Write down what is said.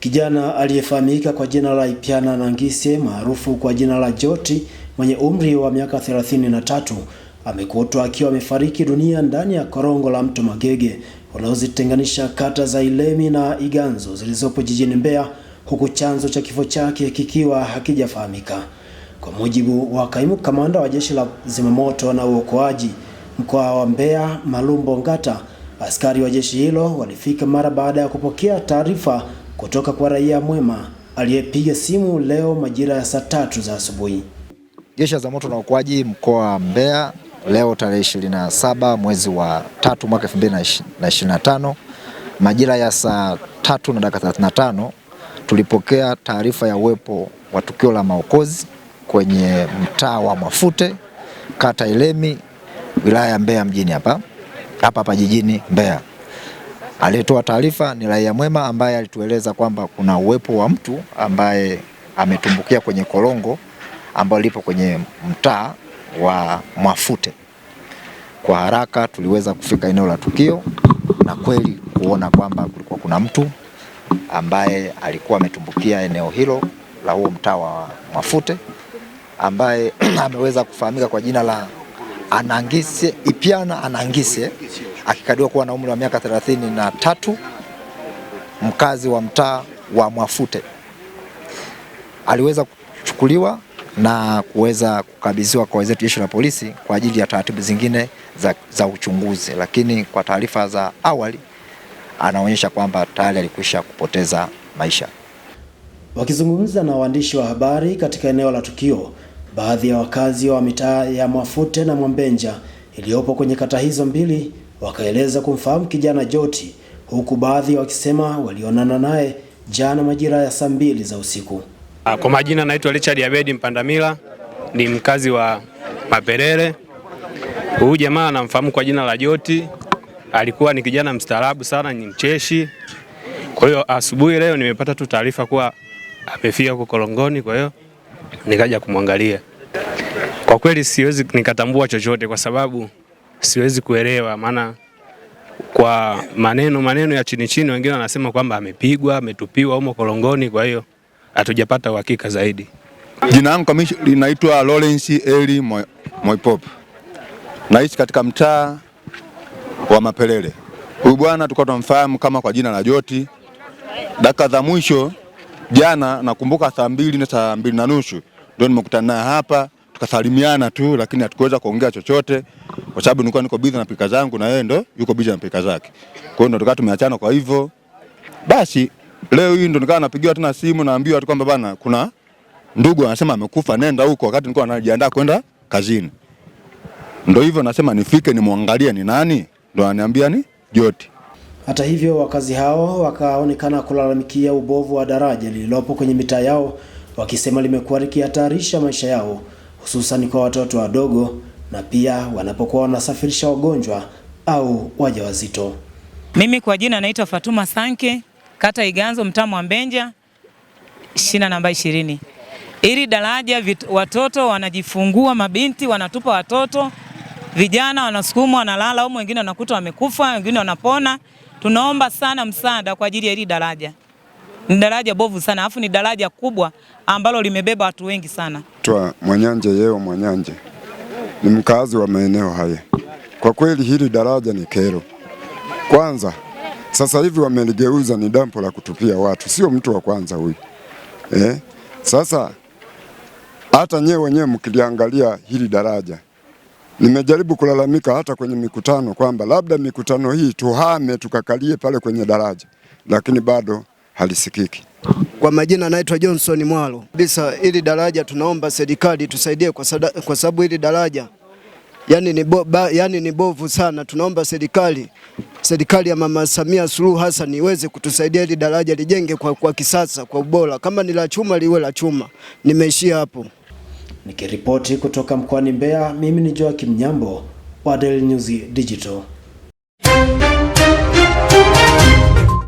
Kijana aliyefahamika kwa jina la Ipiana Nangise maarufu kwa jina la Joti mwenye umri wa miaka 33 amekutwa akiwa amefariki dunia ndani ya korongo la mto Magege unaozitenganisha kata za Ilemi na Iganzo zilizopo jijini Mbeya, huku chanzo cha kifo chake kikiwa hakijafahamika. Kwa mujibu wa kaimu kamanda wa jeshi la zimamoto na uokoaji mkoa wa Mbeya, Malumbo Ngata, askari wa jeshi hilo walifika mara baada ya kupokea taarifa kutoka kwa raia mwema aliyepiga simu leo majira ya saa tatu za asubuhi. Jeshi za moto na uokoaji mkoa wa Mbeya leo tarehe 27 mwezi wa tatu mwaka 2025 majira ya saa tatu na dakika 35 tulipokea taarifa ya uwepo wa tukio la maokozi kwenye mtaa wa Mwafute kata Ilemi wilaya ya Mbeya mjini hapa hapa hapa jijini Mbeya. Aliyetoa taarifa ni raia mwema ambaye alitueleza kwamba kuna uwepo wa mtu ambaye ametumbukia kwenye korongo ambalo lipo kwenye mtaa wa Mwafute. Kwa haraka tuliweza kufika eneo la tukio na kweli kuona kwamba kulikuwa kuna mtu ambaye alikuwa ametumbukia eneo hilo la huo mtaa wa Mwafute ambaye ameweza kufahamika kwa jina la anangise Ipyana anangise akikadiwa kuwa na umri wa miaka thelathini na tatu, mkazi wa mtaa wa Mwafute. Aliweza kuchukuliwa na kuweza kukabidhiwa kwa wenzetu jeshi la polisi kwa ajili ya taratibu zingine za, za uchunguzi, lakini kwa taarifa za awali anaonyesha kwamba tayari alikwisha kupoteza maisha. Wakizungumza na waandishi wa habari katika eneo la tukio, baadhi ya wakazi wa mitaa ya Mwafute na Mwambenja iliyopo kwenye kata hizo mbili wakaeleza kumfahamu kijana Joti, huku baadhi wakisema walionana naye jana majira ya saa mbili za usiku. Ah, kwa majina naitwa Richard Abedi Mpandamila, ni mkazi wa Maperere. Huyu jamaa anamfahamu kwa jina la Joti, alikuwa ni kijana mstaarabu sana, ni mcheshi. Kwa hiyo asubuhi leo nimepata tu taarifa kuwa amefia huko Korongoni, kwa hiyo nikaja kumwangalia. Kwa kweli siwezi nikatambua chochote kwa sababu siwezi kuelewa, maana kwa maneno maneno ya chini chini, wengine wanasema kwamba amepigwa, ametupiwa humo kolongoni. Kwa hiyo hatujapata uhakika zaidi. Jina langu kamili linaitwa Lawrence Eli Moipop, naishi katika mtaa wa Mapelele. Huyu bwana tulikuwa tunamfahamu kama kwa jina la Joti. Dakika za mwisho jana, nakumbuka saa mbili na saa mbili na nusu ndio nimekutana naye hapa tukasalimiana tu, lakini hatukuweza kuongea chochote kwa sababu nilikuwa niko busy na pika zangu na yeye ndo yuko busy na pika zake. Kwa hiyo ndo tukawa tumeachana kwa hivyo. Basi leo hii ndo nikawa napigiwa tena simu naambiwa tu kwamba bana kuna ndugu anasema amekufa, nenda huko, wakati nilikuwa najiandaa kwenda kazini. Ndo hivyo nasema nifike nimwangalie ni nani, ndo ananiambia ni Joti. Hata hivyo wakazi hao wakaonekana kulalamikia ubovu wa daraja lililopo kwenye mitaa yao, wakisema limekuwa likihatarisha maisha yao hususan kwa watoto wadogo na pia wanapokuwa wanasafirisha wagonjwa au wajawazito. Mimi kwa jina naitwa Fatuma Sanke, kata Iganzo, mtaa Mbenja, shina namba ishirini. Ili daraja watoto wanajifungua, mabinti wanatupa watoto, vijana wanasukumwa, wanalala huko, wengine wanakuta wamekufa, wengine wanapona. Tunaomba sana msaada kwa ajili ya hili daraja ni daraja bovu sana, alafu ni daraja kubwa ambalo limebeba watu wengi sana. Twa Mwanyanje yeo Mwanyanje ni mkazi wa maeneo haya. Kwa kweli hili daraja ni kero. Kwanza sasa hivi wameligeuza ni dampo la kutupia watu, sio mtu wa kwanza huyu eh? Sasa hata nyewe wenyewe mkiliangalia hili daraja, nimejaribu kulalamika hata kwenye mikutano kwamba labda mikutano hii tuhame tukakalie pale kwenye daraja, lakini bado halisikiki. Kwa majina naitwa Johnson Mwalo. Kabisa hili daraja tunaomba serikali tusaidie kwa, kwa sababu hili daraja yani ni, bo, ba, yani ni bovu sana. Tunaomba serikali serikali ya Mama Samia Suluhu Hassan iweze kutusaidia ili daraja lijenge kwa, kwa kisasa kwa ubora, kama ni la chuma liwe la chuma. Nimeishia hapo. Nikiripoti kutoka mkoani Mbeya, mimi ni Joakim Nyambo wa Daily News Digital.